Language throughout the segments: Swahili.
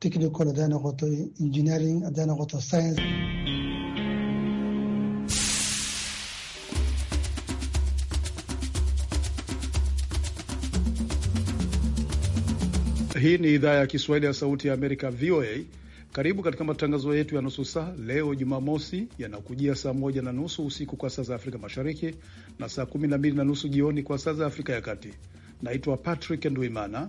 technical hadday noqoto engineering hadday noqoto science Hii ni idhaa ya Kiswahili ya Sauti ya Amerika, VOA. Karibu katika matangazo yetu ya nusu saa leo Jumamosi, yanakujia saa moja na nusu usiku kwa saa za Afrika Mashariki na saa kumi na mbili na nusu jioni kwa saa za Afrika ya Kati. Naitwa Patrick Nduimana.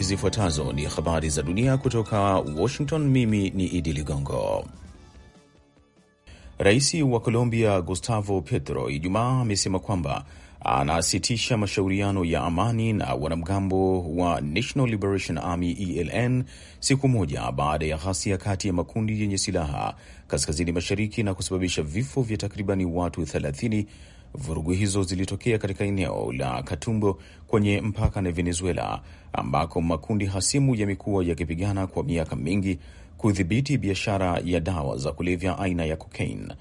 Zifuatazo ni habari za dunia kutoka Washington. Mimi ni Idi Ligongo. Rais wa Colombia Gustavo Petro Ijumaa amesema kwamba anasitisha mashauriano ya amani na wanamgambo wa National Liberation Army ELN siku moja baada ya ghasia kati ya makundi yenye silaha kaskazini mashariki na kusababisha vifo vya takribani watu 30 Vurugu hizo zilitokea katika eneo la Katumbo kwenye mpaka na Venezuela, ambako makundi hasimu yamekuwa yakipigana kwa miaka mingi kudhibiti biashara ya dawa za kulevya aina ya kokaini.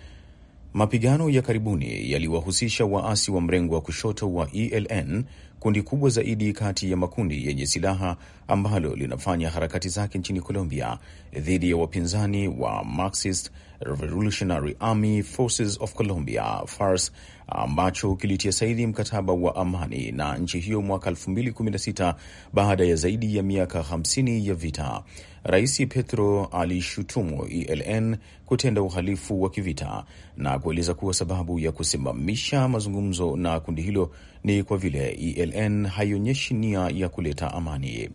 Mapigano ya karibuni yaliwahusisha waasi wa mrengo wa kushoto wa ELN, kundi kubwa zaidi kati ya makundi yenye silaha ambalo linafanya harakati zake nchini Colombia dhidi ya wapinzani wa Marxist Revolutionary Army Forces of Colombia FARS ambacho kilitia saini mkataba wa amani na nchi hiyo mwaka 2016 baada ya zaidi ya miaka 50 ya vita. Rais Petro alishutumu ELN kutenda uhalifu wa kivita na kueleza kuwa sababu ya kusimamisha mazungumzo na kundi hilo ni kwa vile ELN haionyeshi nia ya kuleta amani.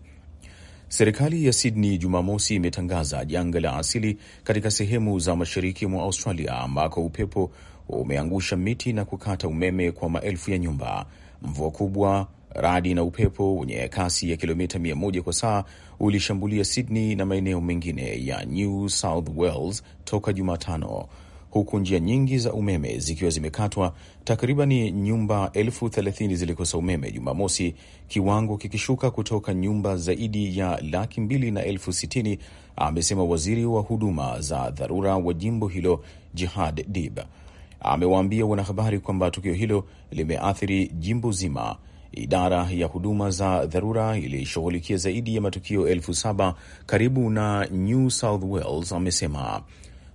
Serikali ya Sydney Jumamosi imetangaza janga la asili katika sehemu za mashariki mwa Australia ambako upepo umeangusha miti na kukata umeme kwa maelfu ya nyumba. Mvua kubwa, radi na upepo wenye kasi ya kilomita 100 kwa saa ulishambulia Sydney na maeneo mengine ya New South Wales toka Jumatano, huku njia nyingi za umeme zikiwa zimekatwa. Takribani nyumba elfu thelathini zilikosa umeme Jumamosi, kiwango kikishuka kutoka nyumba zaidi ya laki mbili na elfu sitini, amesema waziri wa huduma za dharura wa jimbo hilo Jihad Dib. Amewaambia wanahabari kwamba tukio hilo limeathiri jimbo zima. Idara ya huduma za dharura ilishughulikia zaidi ya matukio elfu saba karibu na New South Wales, amesema.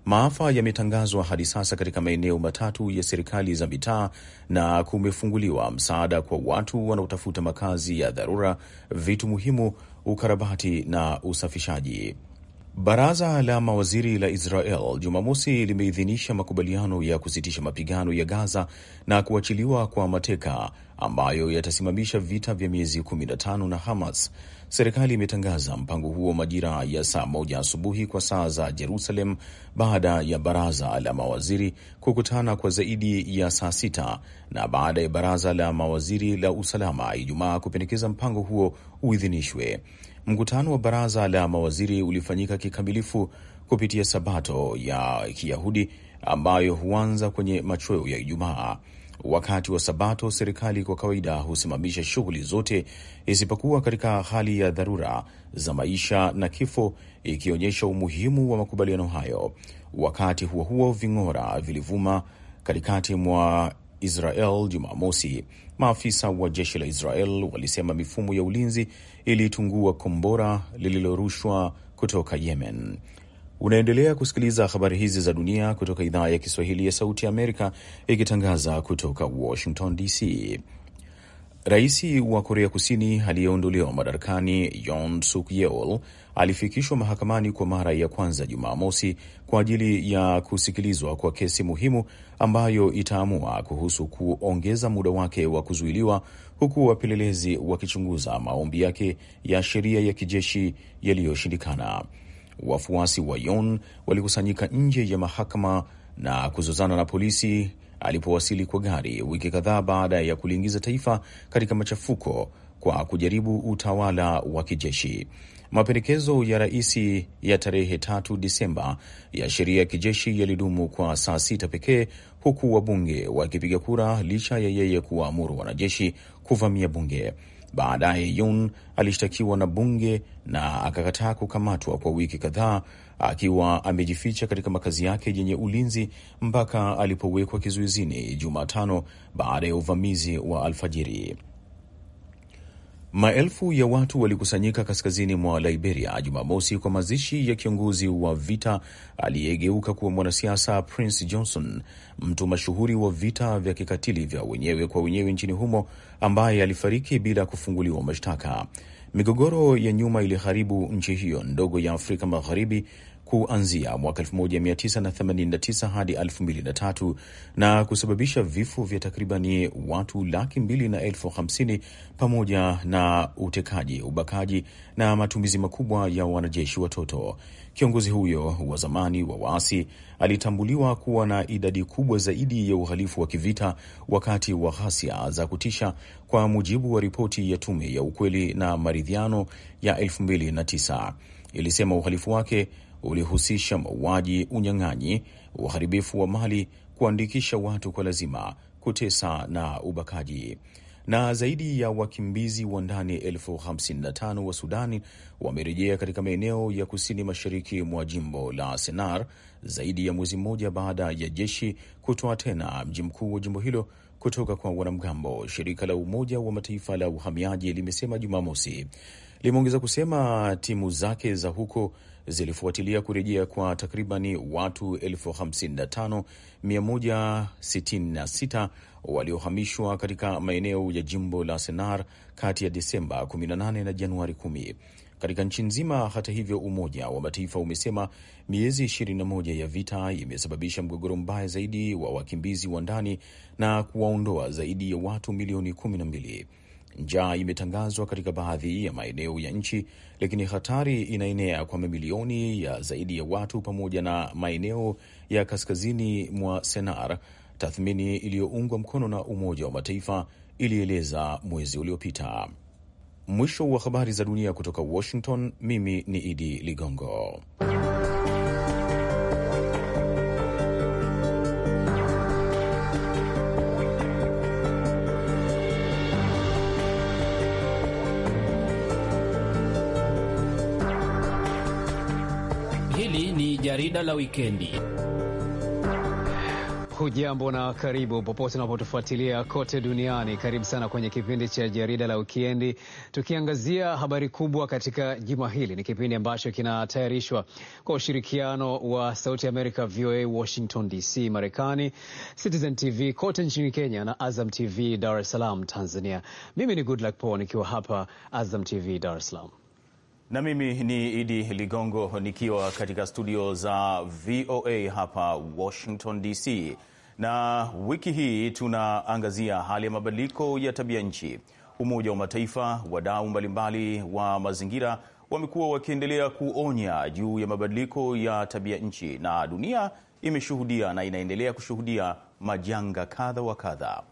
Maafa yametangazwa hadi sasa katika maeneo matatu ya serikali za mitaa na kumefunguliwa msaada kwa watu wanaotafuta makazi ya dharura, vitu muhimu, ukarabati na usafishaji. Baraza la mawaziri la Israel Jumamosi limeidhinisha makubaliano ya kusitisha mapigano ya Gaza na kuachiliwa kwa mateka ambayo yatasimamisha vita vya miezi 15 na Hamas. Serikali imetangaza mpango huo majira ya saa moja asubuhi kwa saa za Jerusalem, baada ya baraza la mawaziri kukutana kwa zaidi ya saa sita na baada ya baraza la mawaziri la usalama Ijumaa kupendekeza mpango huo uidhinishwe. Mkutano wa baraza la mawaziri ulifanyika kikamilifu kupitia Sabato ya Kiyahudi ambayo huanza kwenye machweo ya Ijumaa. Wakati wa Sabato, serikali kwa kawaida husimamisha shughuli zote isipokuwa katika hali ya dharura za maisha na kifo, ikionyesha umuhimu wa makubaliano hayo. Wakati huo huo, ving'ora vilivuma katikati mwa Israel Jumamosi. Maafisa wa jeshi la Israel walisema mifumo ya ulinzi ilitungua kombora lililorushwa kutoka Yemen. Unaendelea kusikiliza habari hizi za dunia kutoka idhaa ya Kiswahili ya Sauti ya Amerika ikitangaza kutoka Washington DC. Rais wa Korea Kusini aliyeondolewa madarakani Yoon Suk Yeol alifikishwa mahakamani kwa mara ya kwanza Jumamosi kwa ajili ya kusikilizwa kwa kesi muhimu ambayo itaamua kuhusu kuongeza muda wake wa kuzuiliwa, huku wapelelezi wakichunguza maombi yake ya sheria ya kijeshi yaliyoshindikana. Wafuasi wa Yon walikusanyika nje ya mahakama na kuzozana na polisi alipowasili kwa gari, wiki kadhaa baada ya kuliingiza taifa katika machafuko kwa kujaribu utawala wa kijeshi. Mapendekezo ya rais ya tarehe tatu Disemba ya sheria ya kijeshi yalidumu kwa saa sita pekee, huku wabunge wakipiga kura licha ya yeye kuwaamuru wanajeshi kuvamia bunge. Baadaye yun alishtakiwa na bunge na akakataa kukamatwa kwa wiki kadhaa akiwa amejificha katika makazi yake yenye ulinzi mpaka alipowekwa kizuizini Jumatano baada ya uvamizi wa alfajiri. Maelfu ya watu walikusanyika kaskazini mwa Liberia Jumamosi kwa mazishi ya kiongozi wa vita aliyegeuka kuwa mwanasiasa Prince Johnson, mtu mashuhuri wa vita vya kikatili vya wenyewe kwa wenyewe nchini humo, ambaye alifariki bila kufunguliwa mashtaka. Migogoro ya nyuma iliharibu nchi hiyo ndogo ya Afrika Magharibi kuanzia mwaka 1989 hadi 2003 na kusababisha vifo vya takribani watu laki mbili na elfu hamsini pamoja na utekaji, ubakaji na matumizi makubwa ya wanajeshi watoto. Kiongozi huyo wa zamani wa waasi alitambuliwa kuwa na idadi kubwa zaidi ya uhalifu wa kivita wakati wa ghasia za kutisha, kwa mujibu wa ripoti ya Tume ya Ukweli na Maridhiano ya 2009 ilisema uhalifu wake ulihusisha mauaji, unyang'anyi, uharibifu wa mali, kuandikisha watu kwa lazima, kutesa na ubakaji. Na zaidi ya wakimbizi wa ndani elfu hamsini na tano wa Sudani wamerejea katika maeneo ya kusini mashariki mwa jimbo la Sennar zaidi ya mwezi mmoja baada ya jeshi kutoa tena mji mkuu wa jimbo hilo kutoka kwa wanamgambo. Shirika la Umoja wa Mataifa la uhamiaji limesema Jumamosi. Limeongeza kusema timu zake za huko zilifuatilia kurejea kwa takribani watu 55166 waliohamishwa katika maeneo ya jimbo la Sennar kati ya Desemba 18 na Januari 10 katika nchi nzima. Hata hivyo, Umoja wa Mataifa umesema miezi 21 ya vita imesababisha mgogoro mbaya zaidi wa wakimbizi wa ndani na kuwaondoa zaidi ya watu milioni 12. Njaa imetangazwa katika baadhi ya maeneo ya nchi, lakini hatari inaenea kwa mamilioni ya zaidi ya watu pamoja na maeneo ya kaskazini mwa Senar, tathmini iliyoungwa mkono na Umoja wa Mataifa ilieleza mwezi uliopita. Mwisho wa habari za dunia kutoka Washington. Mimi ni Idi Ligongo. jarida la wikendi. Hujambo na karibu popote unapotufuatilia kote duniani. Karibu sana kwenye kipindi cha jarida la wikendi, tukiangazia habari kubwa katika juma hili. Ni kipindi ambacho kinatayarishwa kwa ushirikiano wa Sauti ya Amerika, VOA Washington DC, Marekani, Citizen TV kote nchini Kenya na Azam TV Dar es Salaam, Tanzania. Mimi ni Goodluck Paul nikiwa hapa Azam TV Dar es Salaam na mimi ni Idi Ligongo nikiwa katika studio za VOA hapa Washington DC, na wiki hii tunaangazia hali ya mabadiliko ya tabia nchi. Umoja wa Mataifa, wadau mbalimbali wa mazingira wamekuwa wakiendelea kuonya juu ya mabadiliko ya tabia nchi, na dunia imeshuhudia na inaendelea kushuhudia majanga kadha wa kadha.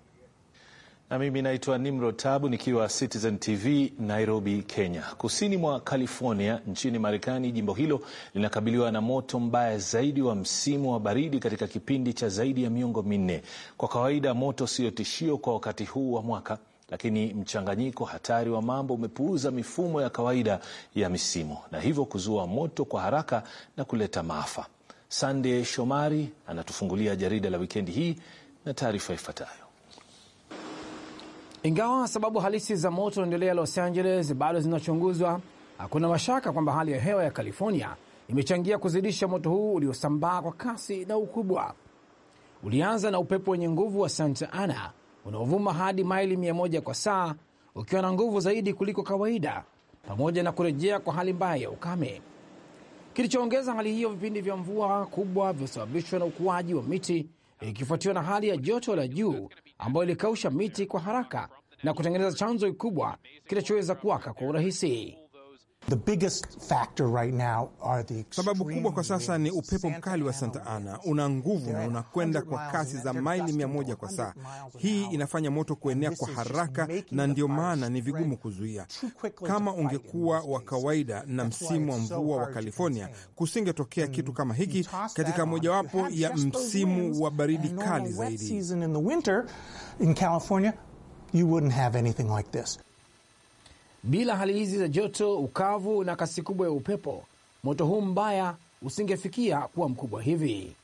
Na mimi naitwa Nimro Tabu nikiwa Citizen TV Nairobi, Kenya. Kusini mwa California nchini Marekani, jimbo hilo linakabiliwa na moto mbaya zaidi wa msimu wa baridi katika kipindi cha zaidi ya miongo minne. Kwa kawaida moto siyo tishio kwa wakati huu wa mwaka, lakini mchanganyiko hatari wa mambo umepuuza mifumo ya kawaida ya misimu na hivyo kuzua moto kwa haraka na kuleta maafa. Sande Shomari anatufungulia jarida la wikendi hii na taarifa ifuatayo. Ingawa sababu halisi za moto unaendelea Los Angeles bado zinachunguzwa, hakuna mashaka kwamba hali ya hewa ya California imechangia kuzidisha moto huu uliosambaa kwa kasi na ukubwa. Ulianza na upepo wenye nguvu wa Santa Ana unaovuma hadi maili 1 kwa saa ukiwa na nguvu zaidi kuliko kawaida, pamoja na kurejea kwa hali mbaya ya ukame. Kilichoongeza hali hiyo, vipindi vya mvua kubwa viliosababishwa na ukuaji wa miti ikifuatiwa na hali ya joto la juu ambayo ilikausha miti kwa haraka na kutengeneza chanzo kikubwa kinachoweza kuwaka kwa urahisi. Sababu kubwa kwa sasa ni upepo mkali wa Santa Ana, una nguvu na unakwenda kwa kasi za maili mia moja kwa saa. Hii inafanya moto kuenea kwa haraka, na ndio maana ni vigumu kuzuia. Kama ungekuwa wa kawaida na msimu wa mvua wa California, kusingetokea kitu mm. kama hiki katika mojawapo ya msimu wa baridi kali zaidi. Bila hali hizi za joto, ukavu na kasi kubwa ya upepo, moto huu mbaya usingefikia kuwa mkubwa hivi.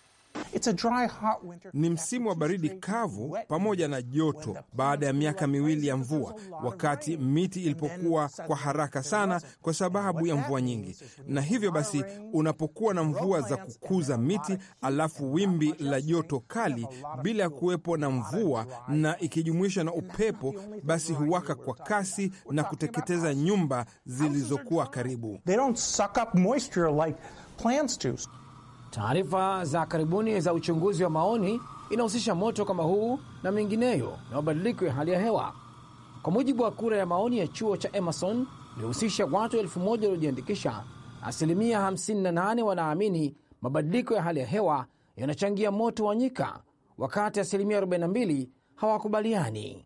Ni msimu wa baridi kavu pamoja na joto baada ya miaka miwili ya mvua, wakati miti ilipokuwa kwa haraka sana kwa sababu ya mvua nyingi. Na hivyo basi, unapokuwa na mvua za kukuza miti alafu wimbi la joto kali bila ya kuwepo na mvua na ikijumuisha na upepo, basi huwaka kwa kasi na kuteketeza nyumba zilizokuwa karibu. They don't suck up Taarifa za karibuni za uchunguzi wa maoni inahusisha moto kama huu na mengineyo na mabadiliko ya hali ya hewa. Kwa mujibu wa kura ya maoni ya chuo cha Emerson iliyohusisha watu elfu moja waliojiandikisha, asilimia 58 wanaamini mabadiliko ya hali ya hewa yanachangia moto wa nyika, wakati asilimia 42 hawakubaliani.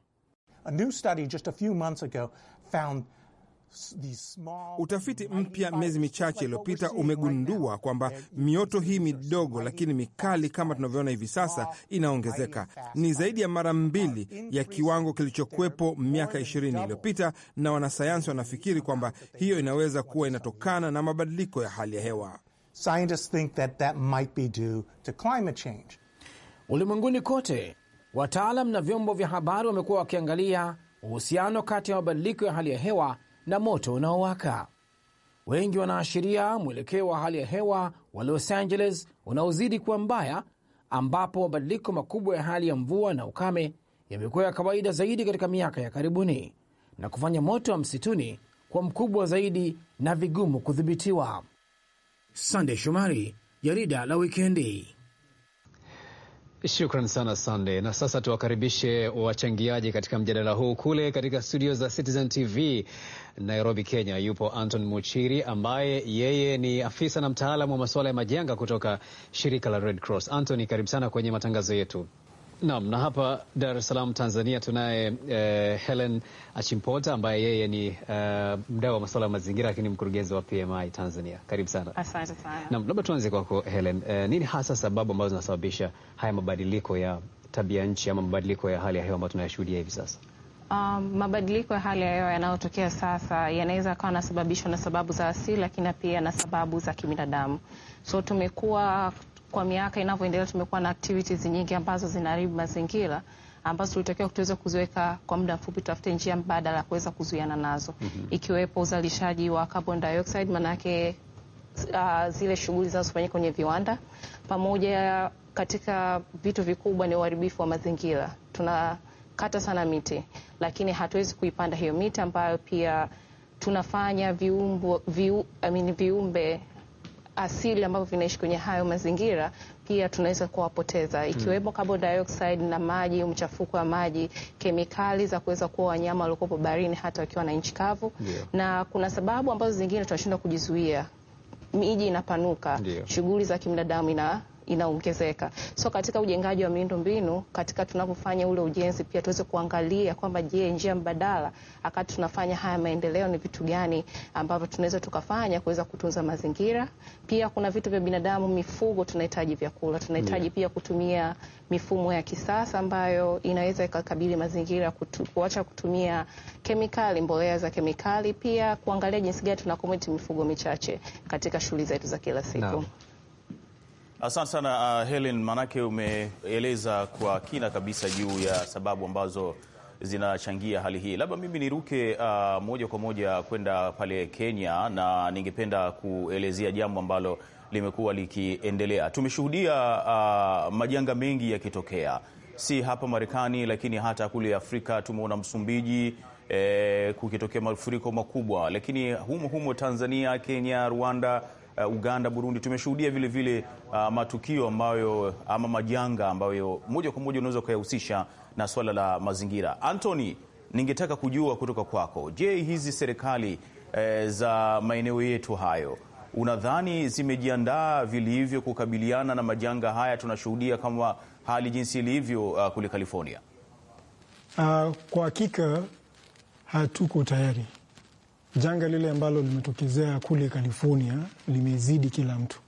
Utafiti mpya miezi michache iliyopita umegundua kwamba mioto hii midogo lakini mikali kama tunavyoona hivi sasa inaongezeka, ni zaidi ya mara mbili ya kiwango kilichokuwepo miaka ishirini iliyopita, na wanasayansi wanafikiri kwamba hiyo inaweza kuwa inatokana na mabadiliko ya hali ya hewa. Ulimwenguni kote, wataalam na vyombo vya habari wamekuwa wakiangalia uhusiano kati ya mabadiliko ya hali ya hewa na moto unaowaka. Wengi wanaashiria mwelekeo wa hali ya hewa wa Los Angeles unaozidi kuwa mbaya, ambapo mabadiliko makubwa ya hali ya mvua na ukame yamekuwa ya kawaida zaidi katika miaka ya karibuni na kufanya moto wa msituni kuwa mkubwa zaidi na vigumu kudhibitiwa. Sande Shomari, jarida la wikendi. Shukran sana Sande. Na sasa tuwakaribishe wachangiaji katika mjadala huu. Kule katika studio za Citizen TV Nairobi, Kenya, yupo Anton Muchiri ambaye yeye ni afisa na mtaalamu wa masuala ya majanga kutoka shirika la Red Cross. Anton, karibu sana kwenye matangazo yetu. Naam, na hapa Dar es Salaam Tanzania tunaye eh, Helen Achimpota ambaye yeye ni eh, mdau wa masuala ya mazingira lakini mkurugenzi wa PMI Tanzania. Karibu sana. Asante sana. Naam, labda tuanze kwako Helen. Eh, nini hasa sababu ambazo zinasababisha haya mabadiliko ya tabia nchi ama mabadiliko ya hali ya hewa ambayo tunayashuhudia hivi sasa? Um, mabadiliko ya hali ya hewa yanayotokea sasa yanaweza kawa yanasababishwa na sababu za asili, lakini pia na sababu za kibinadamu. So tumekuwa kwa miaka inavyoendelea tumekuwa na activities nyingi ambazo zinaharibu mazingira ambazo tulitakiwa tuweze kuziweka kwa muda mfupi, tutafute njia mbadala ya kuweza kuzuiana nazo mm -hmm. ikiwepo uzalishaji wa carbon dioxide maana yake uh, zile shughuli zinazofanyika kwenye viwanda pamoja katika vitu vikubwa ni uharibifu wa mazingira. Tunakata sana miti, lakini hatuwezi kuipanda hiyo miti ambayo pia tunafanya viumbo, viu, I mean, viumbe asili ambavyo vinaishi kwenye hayo mazingira pia tunaweza kuwapoteza ikiwemo mm. carbon dioxide na maji, mchafuko wa maji, kemikali za kuweza kuwa wanyama waliokuwepo baharini hata wakiwa na nchi kavu yeah. Na kuna sababu ambazo zingine tunashindwa kujizuia miji inapanuka, shughuli za kibinadamu ina inaongezeka. So katika ujengaji wa miundo mbinu, katika tunapofanya ule ujenzi, pia tuweze kuangalia kwamba, je, njia mbadala akati tunafanya haya maendeleo ni vitu gani ambavyo tunaweza tukafanya kuweza kutunza mazingira. Pia kuna vitu vya binadamu, mifugo, tunahitaji vyakula, tunahitaji yeah, pia kutumia mifumo ya kisasa ambayo inaweza ikakabili mazingira, kutu, kuacha kutumia kemikali, mbolea za kemikali, pia kuangalia jinsi gani tunakomiti mifugo michache katika shughuli zetu za kila siku no. Asante sana uh, Helen, maanake umeeleza kwa kina kabisa juu ya sababu ambazo zinachangia hali hii. Labda mimi niruke uh, moja kwa moja kwenda pale Kenya, na ningependa kuelezea jambo ambalo limekuwa likiendelea. Tumeshuhudia uh, majanga mengi yakitokea, si hapa Marekani, lakini hata kule Afrika. Tumeona Msumbiji eh, kukitokea mafuriko makubwa, lakini humo humo Tanzania, Kenya, Rwanda uh, Uganda, Burundi, tumeshuhudia vile vile uh, matukio ambayo ama majanga ambayo moja kwa moja unaweza ukayahusisha na swala la mazingira. Anthony, ningetaka kujua kutoka kwako, je, hizi serikali uh, za maeneo yetu hayo unadhani zimejiandaa vilivyo kukabiliana na majanga haya tunashuhudia kama hali jinsi ilivyo uh, kule California? Uh, kwa hakika hatuko tayari Janga lile ambalo limetokezea kule California limezidi kila mtu.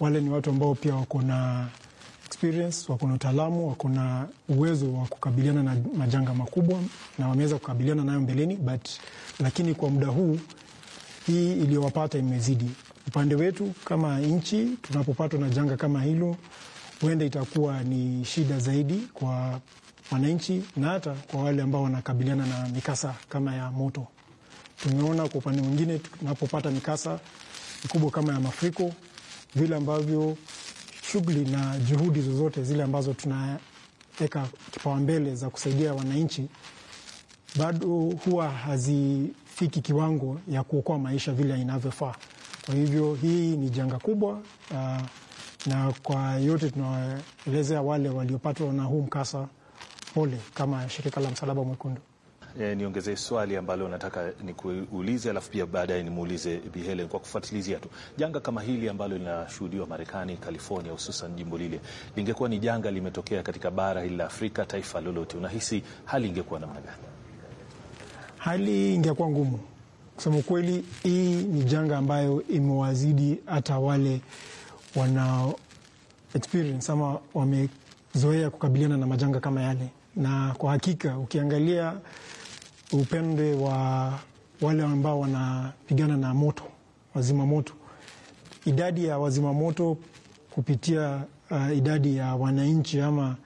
Wale ni watu ambao pia wako na experience, wako na utaalamu, wako na uwezo wa kukabiliana na majanga makubwa na wameweza kukabiliana nayo mbeleni, but lakini kwa muda huu hii iliyowapata imezidi. Upande wetu kama nchi, tunapopatwa na janga kama hilo, huenda itakuwa ni shida zaidi kwa wananchi na hata kwa wale ambao wanakabiliana na mikasa kama ya moto. Tumeona kwa upande mwingine tunapopata mikasa mikubwa kama ya mafuriko, vile ambavyo shughuli na juhudi zozote zile ambazo tunaweka kipaumbele za kusaidia wananchi bado huwa hazifiki kiwango ya kuokoa maisha vile inavyofaa. Kwa hivyo hii ni janga kubwa ah, na kwa yote tunawaelezea wale waliopatwa na huu mkasa pole kama shirika la Msalaba Mwekundu eh, niongezee swali ambalo nataka nikuulize, alafu pia baadaye nimuulize Bi Helen kwa kufuatilizia tu janga kama hili ambalo linashuhudiwa Marekani, California, hususan jimbo lile, lingekuwa ni janga limetokea katika bara hili la Afrika, taifa lolote, unahisi hali ingekuwa namna gani? Hali ingekuwa ngumu kusema ukweli. Hii ni janga ambayo imewazidi hata wale wana experience ama wamezoea kukabiliana na majanga kama yale, na kwa hakika ukiangalia upende wa wale ambao wanapigana na moto, wazima moto, idadi ya wazima moto kupitia uh, idadi ya wananchi ama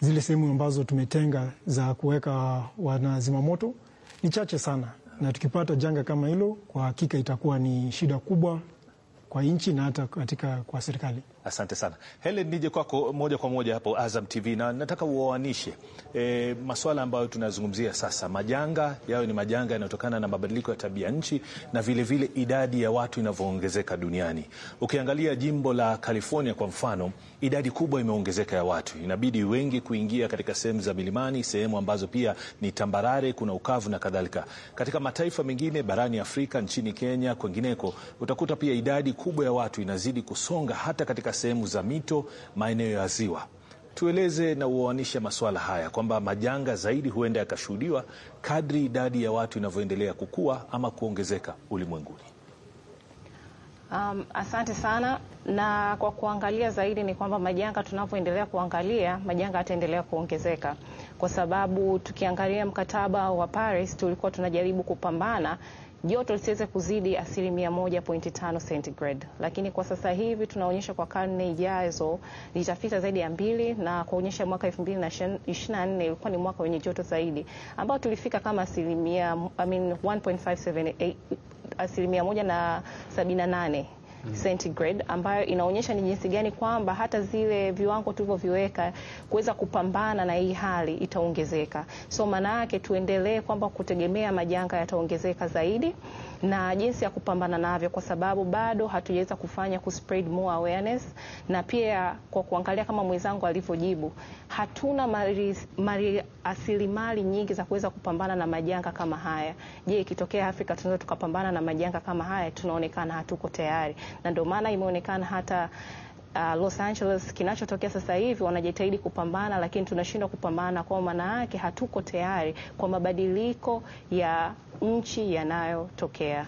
zile sehemu ambazo tumetenga za kuweka wanazima moto ni chache sana, na tukipata janga kama hilo, kwa hakika itakuwa ni shida kubwa kwa nchi na hata katika kwa serikali. Asante sana Helen, nije kwako moja kwa moja hapo Azam TV, na nataka uoanishe e, masuala ambayo tunazungumzia sasa, majanga yayo ni majanga yanayotokana na mabadiliko ya tabia nchi na vilevile vile idadi ya watu inavyoongezeka duniani. Ukiangalia jimbo la California kwa mfano, idadi kubwa imeongezeka ya watu, inabidi wengi kuingia katika sehemu za milimani, sehemu ambazo pia ni tambarare, kuna ukavu na kadhalika. Katika mataifa mengine barani Afrika, nchini Kenya, kwengineko, utakuta pia idadi kubwa ya watu inazidi kusonga hata katika sehemu za mito, maeneo ya ziwa. Tueleze na uoanishe masuala haya kwamba majanga zaidi huenda yakashuhudiwa kadri idadi ya watu inavyoendelea kukua ama kuongezeka ulimwenguni. Um, asante sana na kwa kuangalia zaidi ni kwamba majanga tunavyoendelea kuangalia majanga yataendelea kuongezeka, kwa sababu tukiangalia mkataba wa Paris tulikuwa tunajaribu kupambana joto lisiweze kuzidi asilimia moja pointi tano centigrade, lakini kwa sasa hivi tunaonyesha kwa karne ijazo litafika zaidi ya mbili, na kuonyesha mwaka elfu mbili na ishirini na nne ilikuwa ni mwaka wenye joto zaidi ambao tulifika kama asilimia I mean, asilimia moja na sabini na nane Mm. centigrade ambayo inaonyesha ni jinsi gani kwamba hata zile viwango tulivyoviweka kuweza kupambana na hii hali itaongezeka. So maana yake tuendelee kwamba kutegemea majanga yataongezeka zaidi na jinsi ya kupambana navyo, kwa sababu bado hatujaweza kufanya ku spread more awareness, na pia kwa kuangalia kama mwenzangu alivyojibu, hatuna mali, mali rasilimali nyingi za kuweza kupambana na majanga kama haya. Je, ikitokea Afrika tunaweza tukapambana na majanga kama haya? Tunaonekana hatuko tayari na ndio maana imeonekana hata uh, Los Angeles kinachotokea sasa hivi wanajitahidi kupambana, lakini tunashindwa kupambana, kwa maana yake hatuko tayari kwa mabadiliko ya nchi yanayotokea.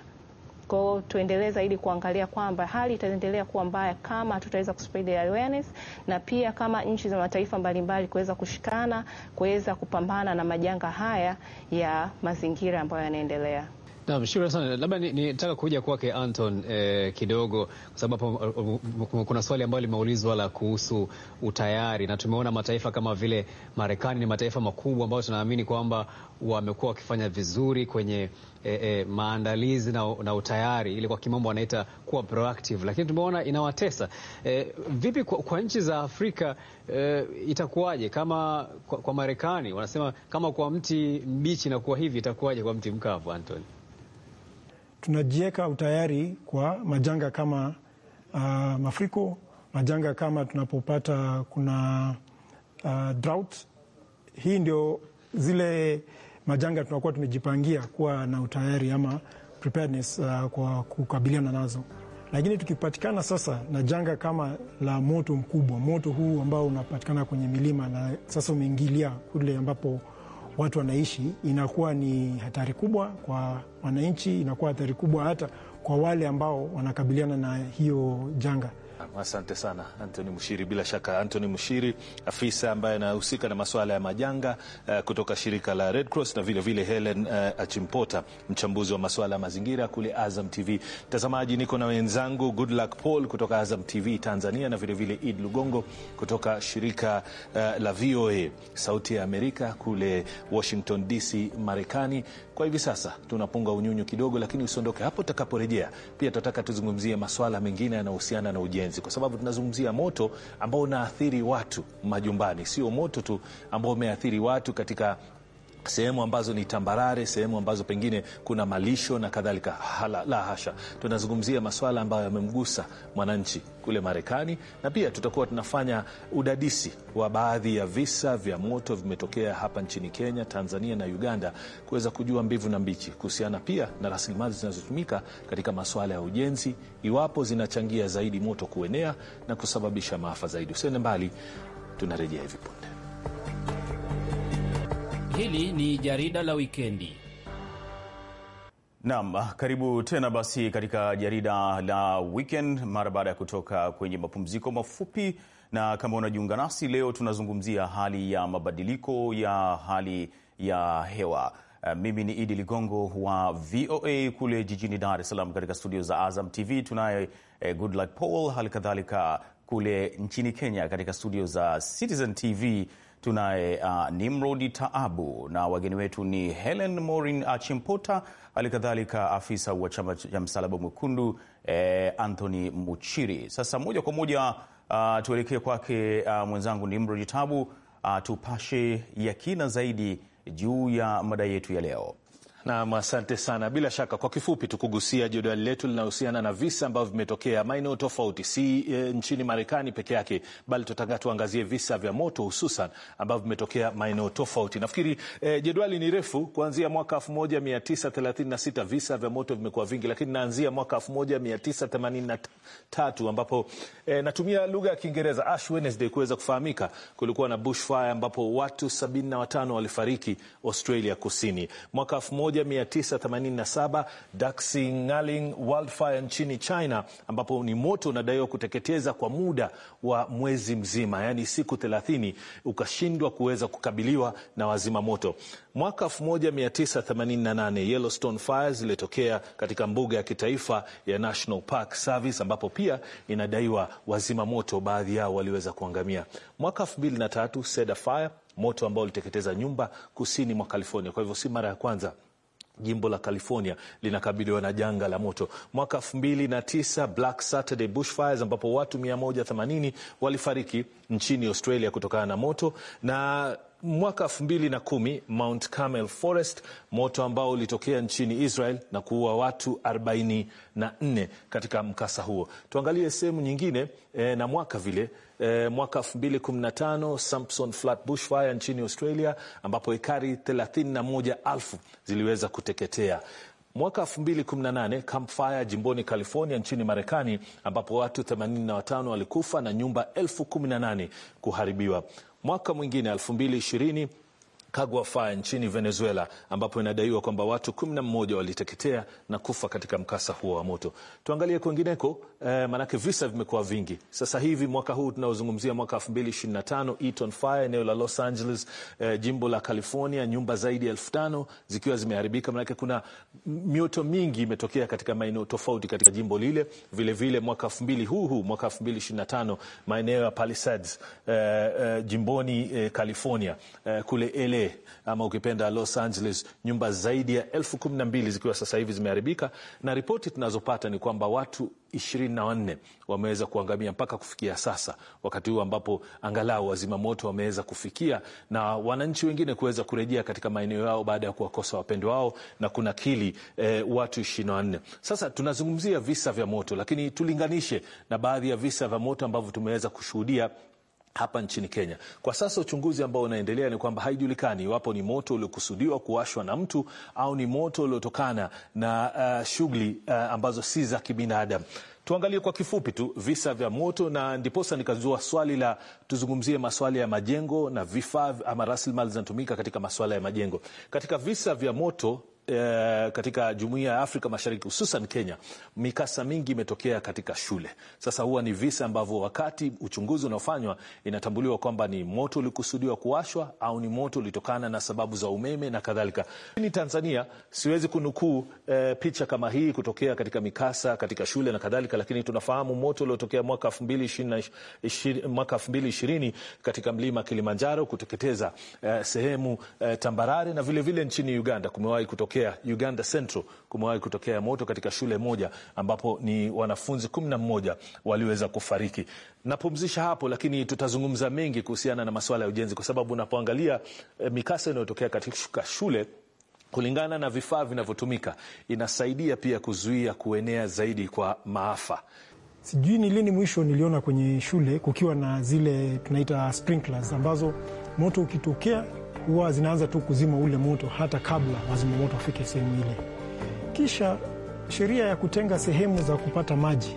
Kwa hiyo tuendelee zaidi kuangalia kwamba hali itaendelea kuwa mbaya kama hatutaweza kuspread awareness na pia kama nchi za mataifa mbalimbali kuweza kushikana kuweza kupambana na majanga haya ya mazingira ambayo yanaendelea. Naam, shukrani sana. Labda nitaka ni kuja kwake Anton eh, kidogo kwa sababu eh, kuna swali ambalo limeulizwa la kuhusu utayari, na tumeona mataifa kama vile Marekani ni mataifa makubwa ambayo tunaamini kwamba wamekuwa wakifanya vizuri kwenye eh, eh, maandalizi na, na utayari ili kwa kimombo wanaita kuwa proactive, lakini tumeona inawatesa eh, vipi kwa, kwa nchi za Afrika eh, itakuwaje kama kwa, kwa Marekani wanasema kama kwa mti mbichi na kuwa hivi itakuwaje kwa mti mkavu Anton? tunajiweka utayari kwa majanga kama uh, mafuriko, majanga kama tunapopata kuna uh, drought. Hii ndio zile majanga tunakuwa tumejipangia kuwa na utayari ama preparedness uh, kwa kukabiliana nazo, lakini tukipatikana sasa na janga kama la moto mkubwa, moto huu ambao unapatikana kwenye milima na sasa umeingilia kule ambapo watu wanaishi, inakuwa ni hatari kubwa kwa wananchi, inakuwa hatari kubwa hata kwa wale ambao wanakabiliana na hiyo janga. Asante sana Anthony Mshiri. Bila shaka Anthony Mshiri, afisa ambaye anahusika na masuala ya majanga uh, kutoka shirika la Red Cross na vile vile Helen uh, Achimpota, mchambuzi wa masuala ya mazingira kule Azam TV. Mtazamaji, niko na wenzangu Luck Paul kutoka Azam TV Tanzania na vile vile Id Lugongo kutoka shirika uh, la VOA Sauti ya Amerika kule Washington DC Marekani. Kwa hivi sasa tunapunga unyunyu kidogo, lakini usiondoke hapo. utakaporejea pia tutataka tuzungumzie masuala mengine yanayohusiana na ujenzi, kwa sababu tunazungumzia moto ambao unaathiri watu majumbani, sio moto tu ambao umeathiri watu katika sehemu ambazo ni tambarare, sehemu ambazo pengine kuna malisho na kadhalika. La hasha, tunazungumzia masuala ambayo yamemgusa mwananchi kule Marekani, na pia tutakuwa tunafanya udadisi wa baadhi ya visa vya moto vimetokea hapa nchini Kenya, Tanzania na Uganda, kuweza kujua mbivu na mbichi kuhusiana pia na rasilimali zinazotumika katika masuala ya ujenzi, iwapo zinachangia zaidi moto kuenea na kusababisha maafa zaidi. Usiende mbali, tunarejea hivi punde. Hili ni jarida la wikendi. nam karibu tena basi katika jarida la weekend mara baada ya kutoka kwenye mapumziko mafupi, na kama unajiunga nasi leo, tunazungumzia hali ya mabadiliko ya hali ya hewa. Uh, mimi ni Idi Ligongo wa VOA kule jijini Dar es Salaam katika studio za Azam TV tunaye eh, Goodluck Paul, hali kadhalika kule nchini Kenya katika studio za Citizen TV Tunaye uh, Nimrodi Taabu na wageni wetu ni Helen Morin Chimpota, hali kadhalika afisa wa chama cha Msalaba Mwekundu eh, Anthony Muchiri. Sasa moja kwa moja uh, tuelekee kwake uh, mwenzangu Nimrodi Taabu, uh, tupashe ya kina zaidi juu ya mada yetu ya leo. Nam, asante sana. Bila shaka, kwa kifupi tu kugusia jedwali letu linahusiana na visa ambavyo vimetokea maeneo tofauti, si e, nchini Marekani peke yake, bali tutataka tuangazie visa vya moto hususan ambavyo vimetokea maeneo tofauti. Nafikiri e, jedwali ni refu, kuanzia mwaka 1936 visa vya moto vimekuwa vingi, lakini naanzia mwaka 1983 ambapo e, natumia lugha ya Kiingereza Ash Wednesday kuweza kufahamika. Kulikuwa na bushfire ambapo watu 75 walifariki Australia Kusini mwaka 1987 Daxing'aling Wildfire nchini China, ambapo ni moto unadaiwa kuteketeza kwa muda wa mwezi mzima, yaani siku 30, ukashindwa kuweza kukabiliwa na wazima moto. Mwaka 1988 Yellowstone Fire zilitokea katika mbuga ya kitaifa ya National Park Service, ambapo pia inadaiwa wazima moto baadhi yao waliweza kuangamia. Mwaka 2003 Cedar Fire, moto ambao uliteketeza nyumba kusini mwa California. Kwa hivyo si mara ya kwanza jimbo la California linakabiliwa na janga la moto. Mwaka 2009 Black Saturday bushfires, ambapo watu 180 walifariki nchini Australia kutokana na moto na mwaka kumi Mount Carmel Forest, moto ambao ulitokea nchini Israel na kuua watu 44 katika mkasa huo. Tuangalie sehemu nyingine e, na mwaka vile eh, mwaka 2015 Samson Flat Bushfire nchini Australia ambapo ekari 31,000 ziliweza kuteketea. Mwaka 2018 Camp Fire jimboni California nchini Marekani ambapo watu 85 walikufa na nyumba 18,000 kuharibiwa. Mwaka mwingine 2020 Kagwa nchini Venezuela ambapo inadaiwa kwamba watu kumi na mmoja waliteketea na kufa katika mkasa huo wa moto. Tuangalie kwingineko eh, maanake visa vimekuwa vingi sasa hivi mwaka huu tunaozungumzia mwaka elfu mbili na tano Eaton Fire eneo la Los Angeles eh, jimbo la California, nyumba zaidi ya elfu tano zikiwa zimeharibika, maanake kuna mioto mingi imetokea katika maeneo tofauti katika jimbo lile. Vilevile vile mwaka mbili huu huu mwaka elfu mbili na tano maeneo ya Palisades eh, eh, jimboni eh, California eh, kule LA LA eh, ama ukipenda Los Angeles, nyumba zaidi ya elfu kumi na mbili zikiwa sasa hivi zimeharibika, na ripoti tunazopata ni kwamba watu ishirini na wanne wameweza kuangamia mpaka kufikia sasa, wakati huu ambapo angalau wazima moto wameweza kufikia na wananchi wengine kuweza kurejea katika maeneo yao baada ya kuwakosa wapendwa wao na kunakili eh, watu ishirini na wanne. Sasa tunazungumzia visa vya moto, lakini tulinganishe na baadhi ya visa vya moto ambavyo tumeweza kushuhudia hapa nchini Kenya. Kwa sasa uchunguzi ambao unaendelea ni kwamba haijulikani iwapo ni moto uliokusudiwa kuwashwa na mtu au ni moto uliotokana na uh, shughuli uh, ambazo si za kibinadamu. Tuangalie kwa kifupi tu visa vya moto na ndiposa nikazua swali la tuzungumzie maswala ya majengo na vifaa ama rasilimali zinatumika katika maswala ya majengo. Katika visa vya moto e, katika jumuiya ya Afrika Mashariki hususan Kenya, mikasa mingi imetokea katika shule. Sasa huwa ni visa ambavyo wakati uchunguzi unaofanywa inatambuliwa kwamba ni moto ulikusudiwa kuwashwa au ni moto ulitokana na sababu za umeme na kadhalika. Ni Tanzania, siwezi kunukuu e, picha kama hii kutokea katika mikasa katika shule na kadhalika, lakini tunafahamu moto uliotokea mwaka 2020 mwaka 2020 katika mlima Kilimanjaro kuteketeza e, sehemu e, tambarare na vile vile nchini Uganda kumewahi kutoka kutokea Uganda Central, kumewahi kutokea moto katika shule moja ambapo ni wanafunzi kumi na mmoja waliweza kufariki. Napumzisha hapo, lakini tutazungumza mengi kuhusiana na masuala ya ujenzi, kwa sababu unapoangalia eh, mikasa inayotokea katika shule kulingana na vifaa vinavyotumika inasaidia pia kuzuia kuenea zaidi kwa maafa. Sijui ni lini mwisho niliona kwenye shule kukiwa na zile tunaita sprinklers ambazo moto ukitokea huwa zinaanza tu kuzima ule moto hata kabla wazima moto wafike sehemu ile. Kisha sheria ya kutenga sehemu za kupata maji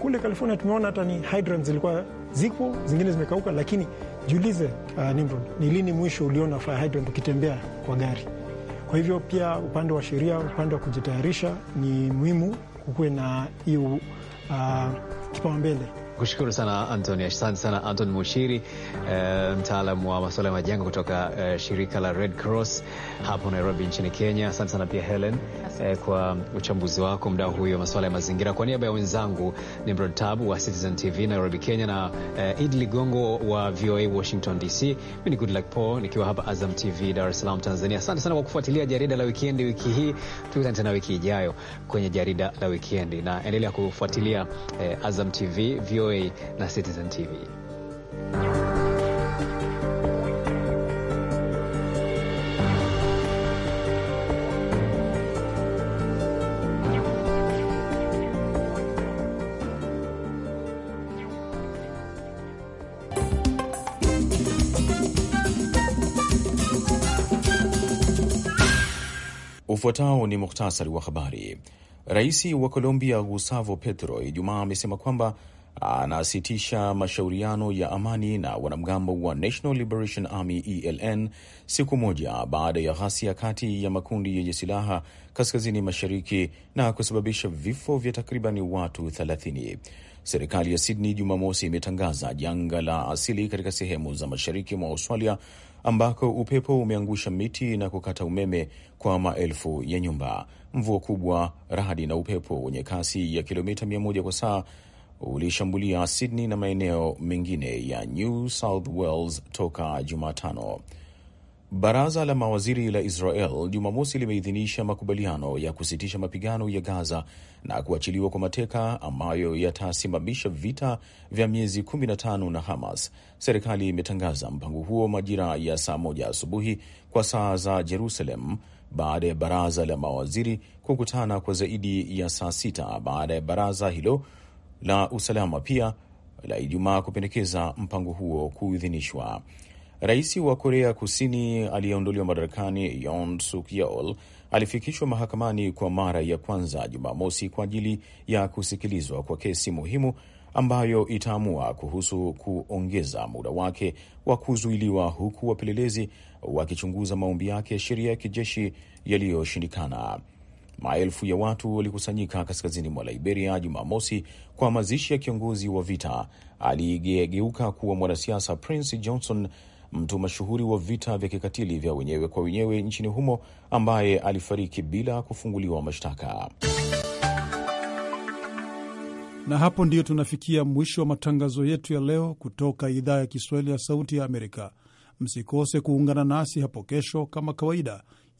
kule California, tumeona hata ni hydrants zilikuwa zipo, zingine zimekauka, lakini jiulize, uh, Nimrod, ni lini mwisho uliona fire hydrant ukitembea kwa gari? Kwa hivyo pia upande wa sheria, upande wa kujitayarisha, ni muhimu kukuwe na hiyo uh, kipaumbele kushukuru sana Antoni, asante sana Antoni Mushiri, uh, mtaalamu wa masuala ya majanga kutoka uh, shirika la Red Cross hapo Nairobi nchini Kenya. Asante sana pia Helen uh, kwa uchambuzi wako, mda huyo masuala ya mazingira. Kwa niaba ya wenzangu Nimrod Tabu wa Citizen TV Nairobi, Kenya na uh, Idi Ligongo wa VOA Washington DC, mi ni Goodluck Paul nikiwa hapa Azam TV Dar es Salaam, Tanzania. Asante sana kwa kufuatilia jarida la wikiendi wiki hii. Tukutane tena wiki ijayo kwenye jarida la wikiendi na endelea kufuatilia uh, Azam TV VOA VOA Citizen TV. Ufuatao ni muhtasari wa habari. Rais wa Colombia Gustavo Petro Ijumaa amesema kwamba anasitisha mashauriano ya amani na wanamgambo wa National Liberation Army ELN siku moja baada ya ghasia kati ya makundi yenye silaha kaskazini mashariki na kusababisha vifo vya takribani watu 30. Serikali ya Sydney Jumamosi imetangaza janga la asili katika sehemu za mashariki mwa Australia ambako upepo umeangusha miti na kukata umeme kwa maelfu ya nyumba. Mvua kubwa, radi na upepo wenye kasi ya kilomita 100 kwa saa ulishambulia Sydney na maeneo mengine ya New South Wales toka Jumatano. Baraza la mawaziri la Israel Jumamosi limeidhinisha makubaliano ya kusitisha mapigano ya Gaza na kuachiliwa kwa mateka ambayo yatasimamisha vita vya miezi 15 na Hamas. Serikali imetangaza mpango huo majira ya saa moja asubuhi kwa saa za Jerusalem baada ya baraza la mawaziri kukutana kwa zaidi ya saa sita baada ya baraza hilo la usalama pia la Ijumaa kupendekeza mpango huo kuidhinishwa. Rais wa Korea Kusini aliyeondoliwa madarakani Yoon Suk Yeol alifikishwa mahakamani kwa mara ya kwanza Jumamosi kwa ajili ya kusikilizwa kwa kesi muhimu ambayo itaamua kuhusu kuongeza muda wake wa kuzuiliwa, huku wapelelezi wakichunguza maombi yake ya sheria ya kijeshi yaliyoshindikana. Maelfu ya watu walikusanyika kaskazini mwa Liberia Jumamosi kwa mazishi ya kiongozi wa vita aliyegeuka kuwa mwanasiasa Prince Johnson, mtu mashuhuri wa vita vya kikatili vya wenyewe kwa wenyewe nchini humo, ambaye alifariki bila kufunguliwa mashtaka. Na hapo ndiyo tunafikia mwisho wa matangazo yetu ya leo kutoka idhaa ya Kiswahili ya Sauti ya Amerika. Msikose kuungana nasi hapo kesho kama kawaida